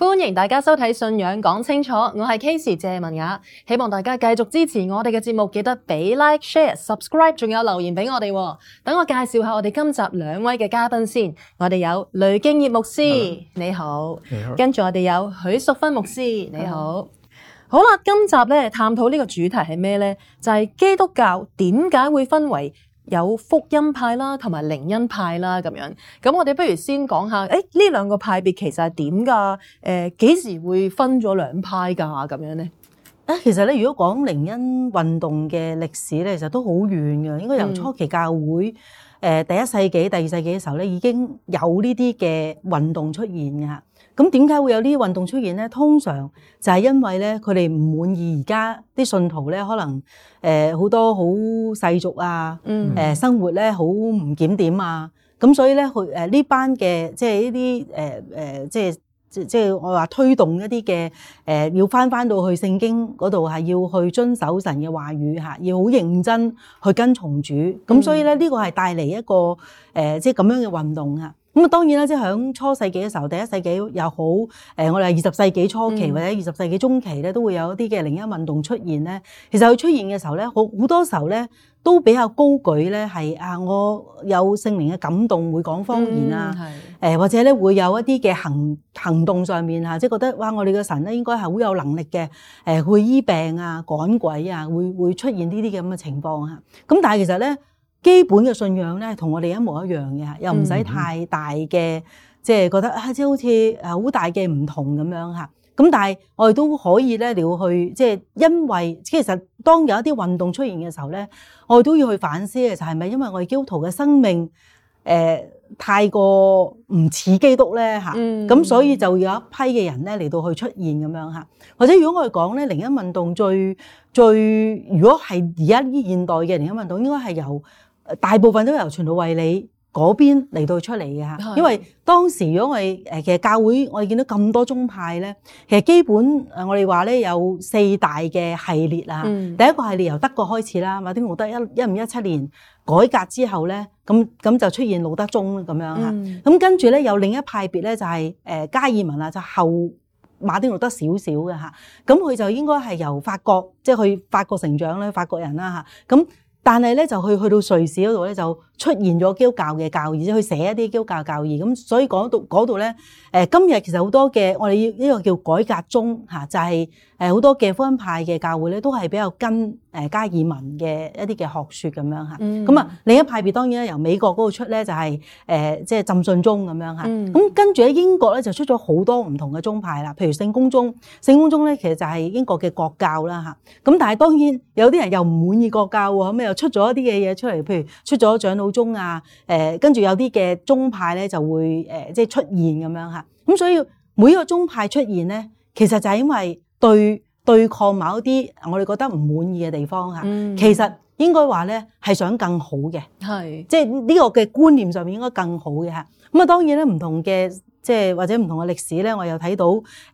歡迎大家收睇《信仰講清楚》，我係 Casey 謝文雅，希望大家繼續支持我哋嘅節目，記得俾 like、share、subscribe，仲有留言俾我哋。等我介紹下我哋今集兩位嘅嘉賓先，我哋有雷競業牧師，你好，你好，跟住我哋有許淑芬牧師，你好。你好，好啦，今集呢探討呢個主題係咩呢？就係、是、基督教點解會分為？有福音派啦，同埋靈恩派啦，咁樣。咁我哋不如先講下，誒呢兩個派別其實係點噶？誒、呃、幾時會分咗兩派噶？咁樣咧？誒，其實咧如果講靈恩運動嘅歷史咧，其實都好遠噶，應該由初期教會誒、呃、第一世紀、第二世紀嘅時候咧，已經有呢啲嘅運動出現噶。咁點解會有呢啲運動出現咧？通常就係因為咧，佢哋唔滿意而家啲信徒咧，可能誒好多好世俗啊，誒、嗯、生活咧好唔檢點啊，咁所以咧去誒呢班嘅即係呢啲誒誒，即係、呃、即係我話推動一啲嘅誒，要翻翻到去聖經嗰度係要去遵守神嘅話語嚇，要好認真去跟從主。咁、嗯、所以咧，呢、呢個係帶嚟一個誒、呃，即係咁樣嘅運動啊！咁啊，當然啦，即係響初世紀嘅時候，第一世紀又好，誒，我哋二十世紀初期或者二十世紀中期咧，都會有一啲嘅靈恩運動出現咧。其實佢出現嘅時候咧，好好多時候咧，都比較高舉咧，係啊，我有聖靈嘅感動，會講方言啊，誒，或者咧會有一啲嘅行行動上面嚇，即係覺得哇，我哋嘅神咧應該係好有能力嘅，誒，去醫病啊、趕鬼啊，會會出現呢啲嘅咁嘅情況嚇。咁但係其實咧。基本嘅信仰咧，同我哋一模一樣嘅嚇，又唔使太大嘅，即係、嗯、覺得啊，即、即係、好似誒好大嘅唔同咁樣嚇。咁但係我哋都可以咧，你要去即係，因為其實當有一啲運動出現嘅時候咧，我哋都要去反思嘅就係咪因為我哋基督徒嘅生命誒？呃太過唔似基督咧嚇，咁、嗯、所以就有一批嘅人咧嚟到去出現咁樣嚇。或者如果我哋講咧，靈恩運動最最，如果係而家啲現代嘅靈恩運動，應該係由大部分都由傳道為你嗰邊嚟到出嚟嘅嚇。的因為當時如果我哋誒其實教會我哋見到咁多宗派咧，其實基本誒我哋話咧有四大嘅系列啦。嗯、第一個系列由德國開始啦，馬丁路德一一五一七年改革之後咧。咁咁就出現路德宗啦，咁樣嚇。咁、嗯、跟住咧有另一派別咧，就係、是、誒、呃、加爾文啦，就後馬丁路德少少嘅嚇。咁佢就應該係由法國，即、就、係、是、去法國成長咧，法國人啦嚇。咁但係咧就去去到瑞士嗰度咧就。出現咗基督教嘅教義，去寫一啲基督教教，教義，咁所以講到嗰度咧，誒今日其實好多嘅我哋呢個叫改革宗嚇、啊，就係誒好多嘅福音派嘅教會咧，都係比較跟誒加爾文嘅一啲嘅學説咁樣嚇。咁啊、嗯、另一派別當然咧由美國嗰度出咧就係誒即係浸信宗咁樣嚇。咁、啊嗯、跟住喺英國咧就出咗好多唔同嘅宗派啦，譬如聖公宗。聖公宗咧其實就係英國嘅國教啦嚇。咁、啊、但係當然有啲人又唔滿意國教喎，咁、啊、又出咗一啲嘅嘢出嚟，譬如出咗長老宗啊，誒、嗯，跟住有啲嘅宗派咧就會誒、呃，即係出現咁樣吓，咁、嗯、所以每一個宗派出現咧，其實就係因為對對抗某一啲我哋覺得唔滿意嘅地方吓，其實應該話咧係想更好嘅，係是即係呢個嘅觀念上面應該更好嘅吓。咁啊，當然咧唔同嘅即係或者唔同嘅歷史咧，我又睇到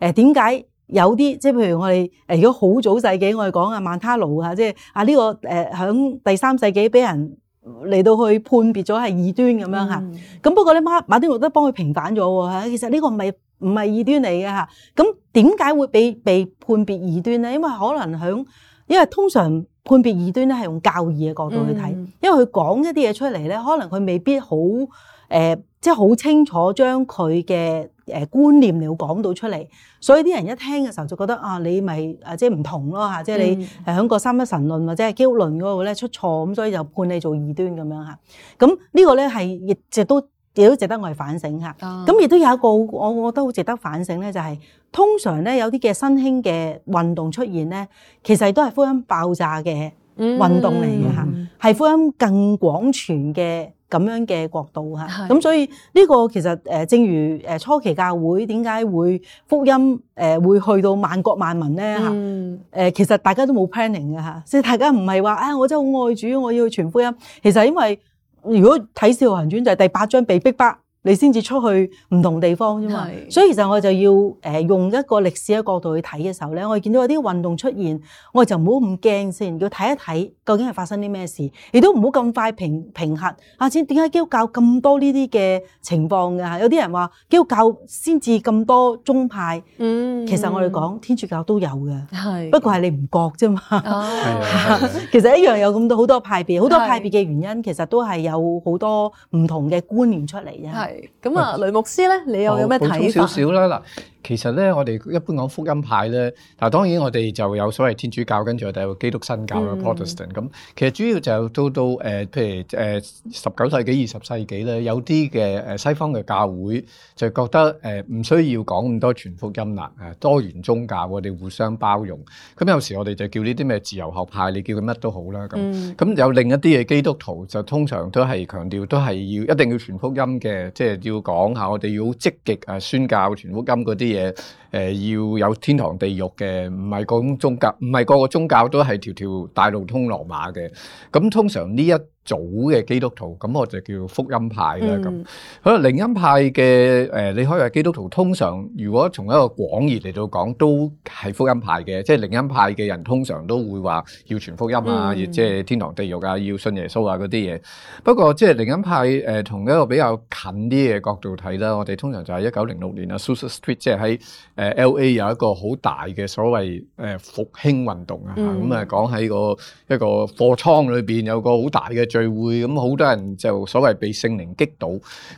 誒，點、呃、解有啲即係譬如我哋誒，如果好早世紀我哋講啊，孟他努，啊，即係啊呢個誒，響、呃、第三世紀俾人。嚟到去判別咗係異端咁樣嚇，咁、嗯、不過咧馬馬丁路德都幫佢平反咗喎，其實呢個唔係唔係異端嚟嘅嚇。咁點解會被被判別異端咧？因為可能響，因為通常判別異端咧係用教義嘅角度去睇，嗯、因為佢講一啲嘢出嚟咧，可能佢未必好誒、呃，即係好清楚將佢嘅。誒觀念你要講到出嚟，所以啲人一聽嘅時候就覺得啊，你咪誒即係唔同咯嚇，即係你係喺個三一神論或者係基督論嗰個咧出錯咁，所以就判你做異端咁樣嚇。咁呢個咧係亦亦都亦都值得我哋反省嚇。咁亦都有一個我我覺得好值得反省咧，就係通常咧有啲嘅新興嘅運動出現咧，其實都係福音爆炸嘅運動嚟嘅嚇，係福音更廣傳嘅。咁樣嘅角度嚇，咁的所以呢個其實誒，正如誒初期教會點解會福音誒會去到萬國萬民咧嚇？誒、嗯、其實大家都冇 planning 嘅嚇，即係大家唔係話啊我真係好愛主，我要去傳福音。其實因為如果睇《使徒行傳》就係、是、第八章被逼迫。你先至出去唔同地方啫嘛，是所以其實我就要誒用一個歷史嘅角度去睇嘅時候咧，我哋見到有啲運動出現，我哋就唔好咁驚先，要睇一睇究竟係發生啲咩事，亦都唔好咁快評評核。啊，先點解基督教咁多呢啲嘅情況㗎、啊？有啲人話基督教先至咁多宗派嗯，嗯，其實我哋講天主教都有嘅，係是不過係你唔覺啫嘛。哦、 其實一樣有咁多好多派別，好多派別嘅原因，其實都係有好多唔同嘅觀念出嚟嘅。是咁啊，雷牧師咧，你又有咩睇法？好，補充少少啦嗱。其實咧，我哋一般講福音派咧，嗱當然我哋就有所謂天主教，跟住我哋有基督新教嘅、嗯 Protestant，咁。其實主要就到到誒、呃，譬如誒十九世紀、二十世紀咧，有啲嘅誒西方嘅教會就覺得誒唔、呃、需要講咁多全福音啦，誒多元宗教我哋互相包容。咁有時我哋就叫呢啲咩自由學派，你叫佢乜都好啦咁。咁、嗯、有另一啲嘅基督徒就通常都係強調，都係要一定要全福音嘅，即係要講下我哋要積極啊宣教全福音嗰啲嘢。誒誒、呃、要有天堂地獄嘅，唔係講宗教，唔係個個宗教都係條條大路通羅馬嘅。咁通常呢一早嘅基督徒，咁我就叫福音派啦咁，可能靈恩派嘅，誒、呃，你可以話基督徒通常如果從一個廣義嚟到講都係福音派嘅，即係靈恩派嘅人通常都會話要傳福音啊，亦即係天堂地獄啊，要信耶穌啊啲嘢。不過即係靈恩派誒、同、呃、一個比較近啲嘅角度睇啦，我哋通常就係一九零六年啊，Azusa Street 即係喺誒、呃、L A 有一個好大嘅所謂誒、呃、復興運、運動啊，咁啊講，喺個一個貨倉裏邊有個好大嘅。聚會，咁好多人就所謂被聖靈擊倒，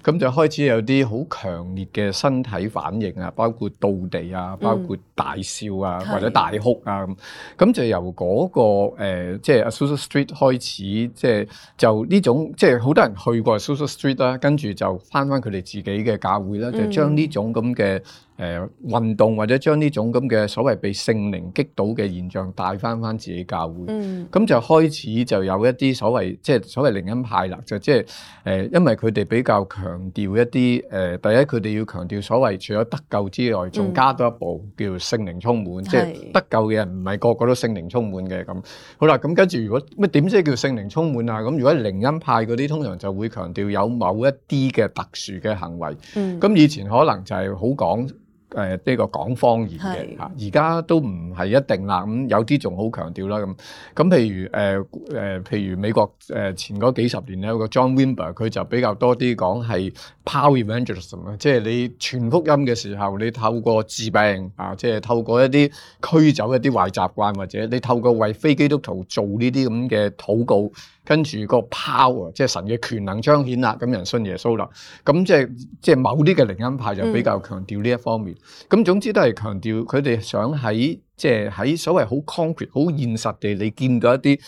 咁就開始有啲好強烈嘅身體反應啊，包括倒地啊，包括大笑啊、嗯、或者大哭啊咁，咁就由嗰、那個誒、呃、即係 Azusa Street 開始，即係就呢種即係好多人去過 Azusa Street 啦、啊，跟住就返返佢哋自己嘅教會啦，嗯、就將呢種咁嘅。誒、呃、運動或者將呢種咁嘅所謂被聖靈擊倒嘅現象帶翻翻自己教會，咁、嗯、就開始就有一啲所謂即係所謂靈恩派啦，就即係誒，因為佢哋比較強調一啲誒、呃，第一佢哋要強調所謂除咗得救之外，仲加多一步叫聖靈充滿，即係得救嘅人唔係個，個個都聖靈充滿嘅咁。好啦，咁跟住如果乜點先叫聖靈充滿啊？咁如果靈恩派嗰啲通常就會強調有某一啲嘅特殊嘅行為，咁、嗯嗯、以前可能就係好講。誒呢、呃這個講方言嘅嚇，而家是、啊、都唔係一定啦。咁、嗯、有啲仲好強調啦咁。咁、啊、譬如誒誒、呃，譬如美國誒、呃、前嗰幾十年咧，有個 John Wimber，佢就比較多啲講係 Power Evangelism 啦，即係你傳福音嘅時候，你透過治病啊，即係透過一啲驅走一啲壞習慣，或者你透過為非基督徒做呢啲咁嘅禱告。跟住個 power 啊，即係神嘅權能彰顯啦，咁人信耶穌啦，咁即係即係某啲嘅靈恩派就比較強調呢一方面。咁、嗯、總之都係強調佢哋想喺即係喺所謂好 concrete 好現實地，你見到一啲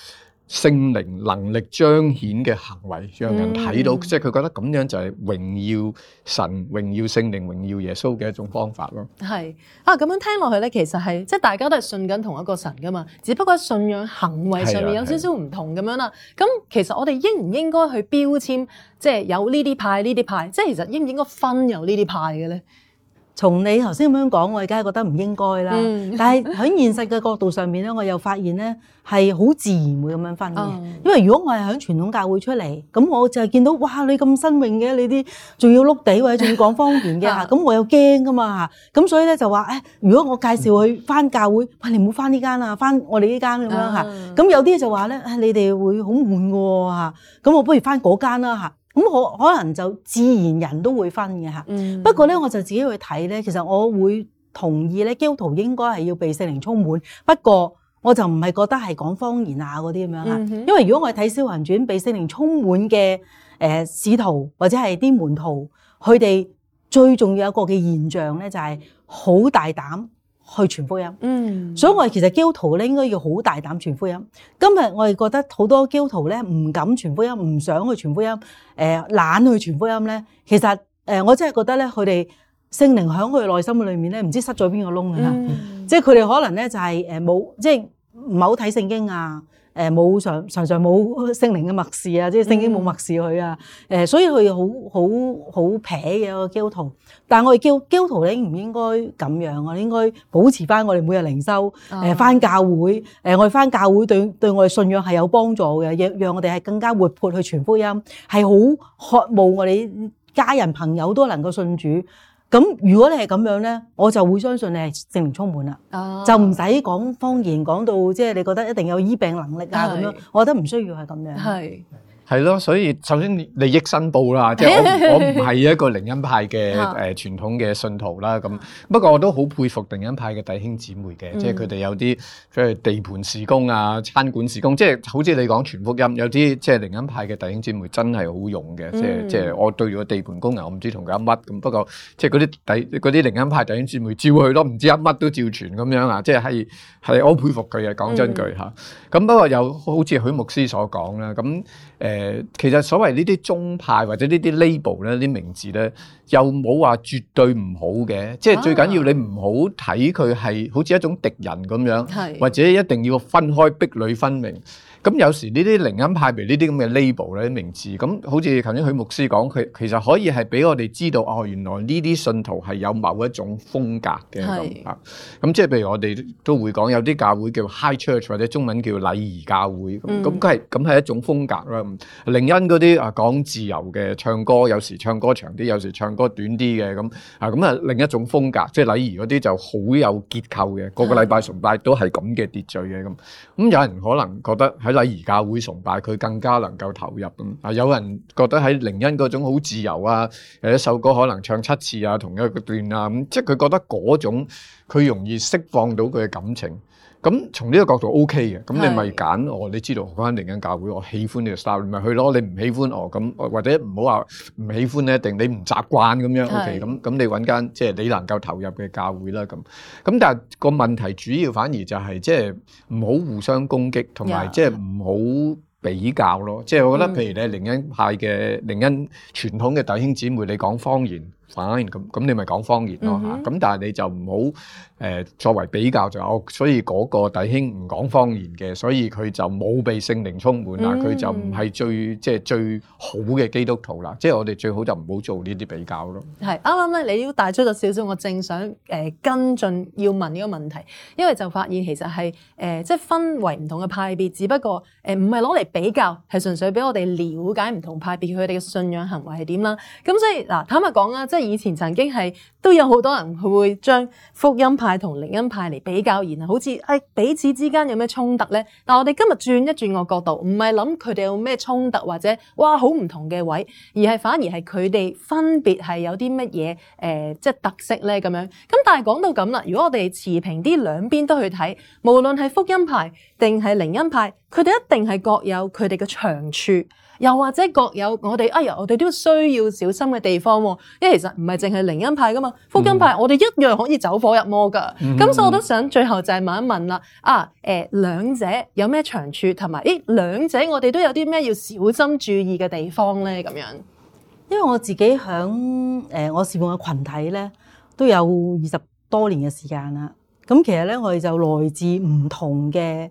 聖靈能力彰顯嘅行為，讓人睇到，嗯、即係佢覺得咁樣就係榮耀神、榮耀聖靈、榮耀耶穌嘅一種方法咯。係啊，咁樣聽落去咧，其實係即係大家都係信緊同一個神噶嘛，只不過信仰行為上面有少少唔同咁樣啦。咁、啊啊、其實我哋應唔應該去標籤，即係有呢啲派、呢啲派，即係其實應唔應該分有呢啲派嘅咧？從你頭先咁樣講，我而家覺得唔應該啦。嗯、但係喺現實嘅角度上面咧，我又發現咧係好自然會咁樣分嘅。嗯、因為如果我係喺傳統教會出嚟，咁我就係見到哇，你咁新穎嘅，你啲仲要碌地或者仲要講方言嘅嚇，咁 我又驚噶嘛嚇。咁所以咧就話誒，如果我介紹佢翻教會，哇、嗯，你唔好翻呢間啊，翻我哋呢間咁樣嚇。咁有啲就話咧，你哋會好悶嘅喎嚇。咁我不如翻嗰間啦嚇。咁可可能就自然人都會分嘅嚇，嗯、不過咧我就自己去睇咧，其實我會同意咧，基督徒應該係要被聖靈充滿。不過我就唔係覺得係講方言啊嗰啲咁樣嚇，嗯、哼因為如果我哋睇《西魂傳》被聖靈充滿嘅誒使徒或者係啲門徒，佢哋最重要一個嘅現象咧就係、是、好大膽，去傳福音，嗯、所以我哋其實基督徒咧應該要好大膽傳福音。今日我哋覺得好多基督徒咧唔敢傳福音，唔想去傳福音，誒、呃、懶去傳福音咧。其實誒我真係覺得咧，佢哋聖靈喺佢內心裏面咧，唔知塞咗邊個窿啊！即係佢哋可能咧就係誒冇，即係唔係好睇聖經啊。誒冇常常常冇聖靈嘅默示啊，即係聖經冇默示佢啊，誒所以佢好好好撇嘅一個基督徒，但係我哋基基督徒，你唔應該咁樣啊，我哋應該保持翻我哋每日靈修，誒翻教會，誒我哋翻教會對對我哋信仰係有幫助嘅，讓讓我哋係更加活潑去傳福音，係好渴慕我哋家人朋友都能夠信主。咁如果你係咁樣呢，我就會相信你係聖靈充滿啦，哦、就唔使講方言，講到即係你覺得一定有醫病能力啊咁是的 樣，我覺得唔需要係咁樣。是的 係咯，所以首先利益申報啦，即係我我唔係一個靈恩派嘅誒傳統嘅信徒啦。咁不過我都好佩服靈恩派嘅弟兄姊妹嘅，即係佢哋有啲即係地盤事工啊、餐館事工，即係好似你講全福音，有啲即係靈恩派嘅弟兄姊妹真係好用嘅。即係即係我對住個地盤工人，我唔知同佢啱乜咁。不過即係嗰啲弟嗰啲靈恩派弟兄姊妹照去咯，唔知啱乜都照傳咁樣啊。即係係係我佩服佢嘅，講真句嚇。咁不過又好似許牧師所講啦，咁誒。誒，其實所謂呢啲宗派或者呢啲 label 咧，啲名字咧，又冇話絕對唔好嘅。啊、即係最緊要你唔好睇佢係好似一種敵人咁樣，是的 或者一定要分開壁壘分明。咁有時呢啲靈恩派別呢啲咁嘅 label 咧，名字，咁好似頭先許牧師講，佢其實可以係俾我哋知道哦，原來呢啲信徒係有某一種風格嘅咁。是即係譬如我哋都會講有啲教會叫 high church 或者中文叫禮儀教會，咁佢係咁係一種風格啦。靈恩嗰啲啊，講自由嘅唱歌，有時唱歌長啲，有時唱歌短啲嘅咁啊。咁啊另一種風格，即係禮儀嗰啲就好有結構嘅，個個禮拜崇拜都係咁嘅秩序嘅咁。咁是有人可能覺得。喺禮儀教會崇拜，佢更加能夠投入啊、嗯，有人覺得喺靈恩嗰種好自由啊，誒一首歌可能唱七次啊，同一個段啊、嗯、即係佢覺得嗰種佢容易釋放到佢嘅感情。咁從呢個角度 OK 嘅，咁你咪揀我，你知道翻一間靈恩教會，我喜歡呢個 style 你咪去咯，你唔喜歡哦咁，或者唔好話唔喜歡咧，定你唔習慣咁樣 OK，咁咁你揾間即係、就是、你能夠投入嘅教會啦咁。咁但係個問題主要反而就係即係唔好互相攻擊，同埋即係唔好比較咯。即、就、係、是、我覺得譬如咧，靈恩派嘅靈恩傳統嘅弟兄姊妹，你講方言。反咁咁，你咪講方言咯嚇。咁但係你就唔好誒作為比較，就有所以嗰個弟兄唔講方言嘅，所以佢就冇被聖靈充滿啊。佢、mm hmm. 就唔係最即係最好嘅基督徒啦。即、就、係、是、我哋最好就唔好做呢啲比較咯。係啱啱咧，你要帶出咗少少，我正想誒、呃、跟進要問呢個問題，因為就發現其實係誒、呃、即係分為唔同嘅派別，只不過誒唔係攞嚟比較，係純粹俾我哋了解唔同派別佢哋嘅信仰行為係點啦。咁所以嗱，坦白講啦，即係。即以前曾經係都有好多人會將福音派同靈恩派嚟比較，然後好似誒彼此之間有咩衝突呢？但係我哋今日轉一轉個角度，唔係諗佢哋有咩衝突或者哇好唔同嘅位，而係反而係佢哋分別係有啲乜嘢誒即係特色呢。咁樣。咁但係講到咁啦，如果我哋持平啲兩邊都去睇，無論係福音派定係靈恩派。佢哋一定係各有佢哋嘅長處，又或者各有我哋哎呀，我哋都需要小心嘅地方喎。因為其實唔係淨係靈恩派噶嘛，福音派我哋一樣可以走火入魔噶。咁、嗯嗯嗯、所以我都想最後就係問一問啦，啊誒、欸，兩者有咩長處同埋誒兩者我哋都有啲咩要小心注意嘅地方咧？咁樣，因為我自己喺誒、呃、我事奉嘅群體咧都有二十多年嘅時間啦。咁其實咧我哋就來自唔同嘅。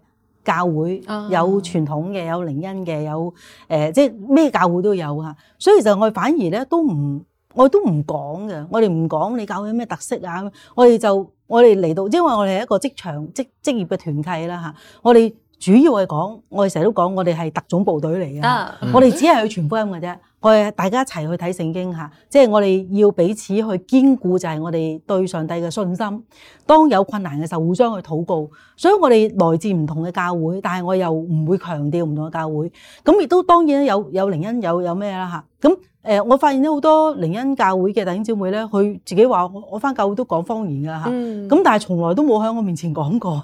教會、嗯、有傳統嘅，有靈恩嘅，有誒、呃，即係咩教會都有嚇。所以其實我哋反而咧都唔，我都唔講嘅。我哋唔講你教會咩特色啊。我哋就我哋嚟到，因為我哋係一個職場職職業嘅團契啦嚇、啊。我哋主要係講，我哋成日都講，我哋係特種部隊嚟嘅。嗯、我哋只係去傳福音嘅啫。我哋大家一齊去睇聖經吓，即係我哋要彼此去堅固，就係我哋對上帝嘅信心。當有困難嘅時候，互相去禱告。所以我哋來自唔同嘅教會，但係我又唔會強調唔同嘅教會。咁亦都當然有有靈恩，有有咩啦吓。咁誒、呃，我發現咗好多靈恩教會嘅弟兄姐妹咧，佢自己話我我返教會都講方言嘅嚇，咁、嗯、但係從來都冇喺我面前講過，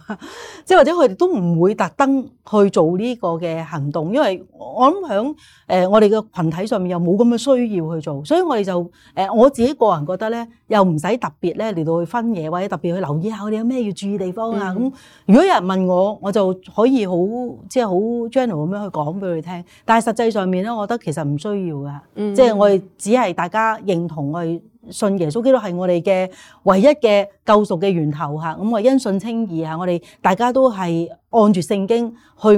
即係或者佢哋都唔會特登去做呢個嘅行動，因為我諗喺誒我哋嘅群體上面又冇咁嘅需要去做，所以我哋就誒、呃、我自己個人覺得咧，又唔使特別咧嚟到去分嘢或者特別去留意下我哋有咩要注意地方啊。咁、嗯嗯、如果有人問我，我就可以好即係好 general 咁樣去講俾佢聽，但係實際上面咧，我覺得其實唔需要噶。嗯嗯，即係我哋只係大家認同去信耶穌基督係我哋嘅唯一嘅救贖嘅源頭嚇，咁我因信稱義嚇，我哋大家都係按住聖經去愛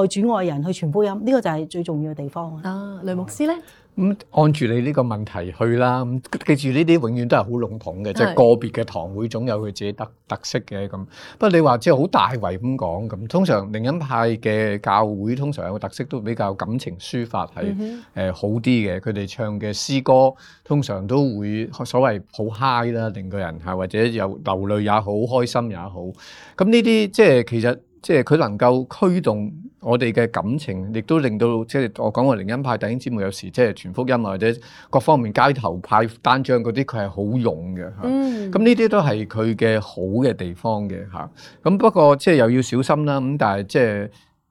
愛主愛人去傳福音，呢個就係最重要嘅地方啊！雷牧師咧。嗯咁按住你呢個問題去啦，記住呢啲永遠都係好籠統嘅，是即係個別嘅堂會總有佢自己特特色嘅咁。不過你話即係好大圍咁講咁，通常靈恩派嘅教會通常有個特色都比較感情抒發係誒好啲嘅，佢哋、嗯、哼唱嘅詩歌通常都會所謂好 high 啦，令個人係或者有流淚也好，開心也好。咁呢啲即係其實。即係佢能夠驅動我哋嘅感情，亦都令到即係我講話靈恩派弟兄姊妹有時即係傳福音啊，或者各方面街頭派單張嗰啲，佢係好用嘅嚇。咁呢啲都係佢嘅好嘅地方嘅嚇。咁、嗯、不過即係又要小心啦。咁、嗯、但係即係。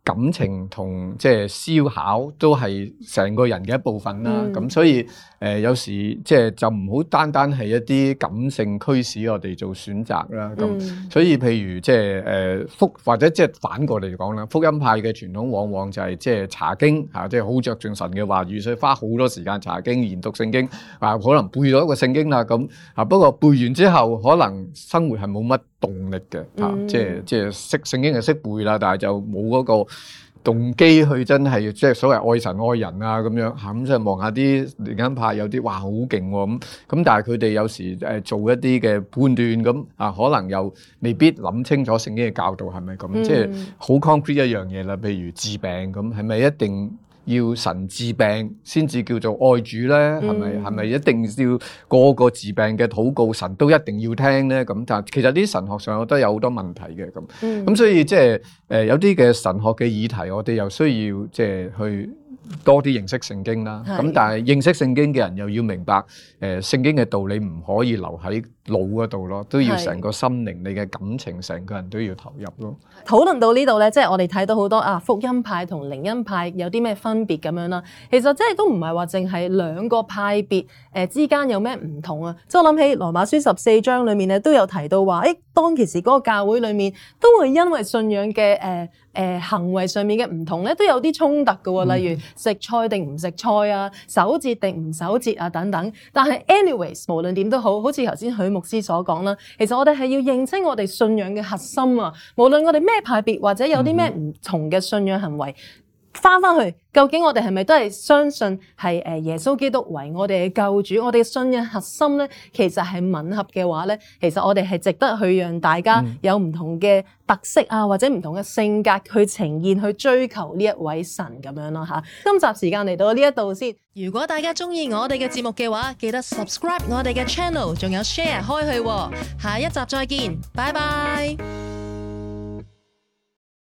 感情同即係燒烤都係成個人嘅一部分啦，咁、嗯、所以誒、呃、有時即係就唔好單單係一啲感性驅使我哋做選擇啦，咁、嗯、所以譬如即係誒福或者即係反過嚟講啦，福音派嘅傳統往往就係即係查經嚇，即係好着重神嘅話語，所以花好多時間查經研讀聖經，啊可能背咗一個聖經啦，咁啊，啊不過背完之後可能生活係冇乜。動力嘅吓、嗯，即係即係識聖經就識背啦，但係就冇嗰個動機去真係，即係所謂愛神愛人啊咁樣吓。咁就望下啲靈恩派有啲哇好勁咁，咁但係佢哋有時誒做一啲嘅判斷咁啊，可能又未必諗清楚聖經嘅教導係咪咁，是是嗯、即係好 concrete 一樣嘢啦。譬如治病咁，係咪一定？要神治病先至叫做愛主咧，係咪、嗯？係咪一定要個個治病嘅禱告神都一定要聽咧？咁但係其實啲神學上我都有好多問題嘅咁，咁、嗯嗯、所以即係誒、呃、有啲嘅神學嘅議題，我哋又需要即係去多啲認識聖經啦。咁是但係認識聖經嘅人又要明白誒、呃、聖經嘅道理，唔可以留喺腦嗰度咯，都要成個心靈你嘅感情、成個人都要投入咯。討論到呢度咧，即係我哋睇到好多啊福音派同靈恩派有啲咩分別咁樣啦。其實即係都唔係話淨係兩個派別誒之間有咩唔同啊。即係我諗起羅馬書十四章裏面咧都有提到話誒當其時個教會裏面都會因為信仰嘅誒誒行為上面嘅唔同咧，都有啲衝突嘅喎。例如食菜定唔食菜啊，守節定唔守節啊等等。但係 anyways，無論點都好好似頭先許。牧師所講啦，其實我哋係要認清我哋信仰嘅核心啊。無論我哋咩派別，或者有啲咩唔同嘅信仰行為。翻翻去，究竟我哋係咪都係相信係誒耶穌基督為我哋嘅救主？我哋嘅信仰核心咧，其實係吻合嘅話咧，其實我哋係值得去讓大家有唔同嘅特色啊，或者唔同嘅性格去呈現去追求呢一位神咁樣咯吓、啊。今集時間嚟到呢一度先。如果大家中意我哋嘅節目嘅話，記得 subscribe 我哋嘅 channel，仲有 share 開去、哦。下一集再見，拜拜。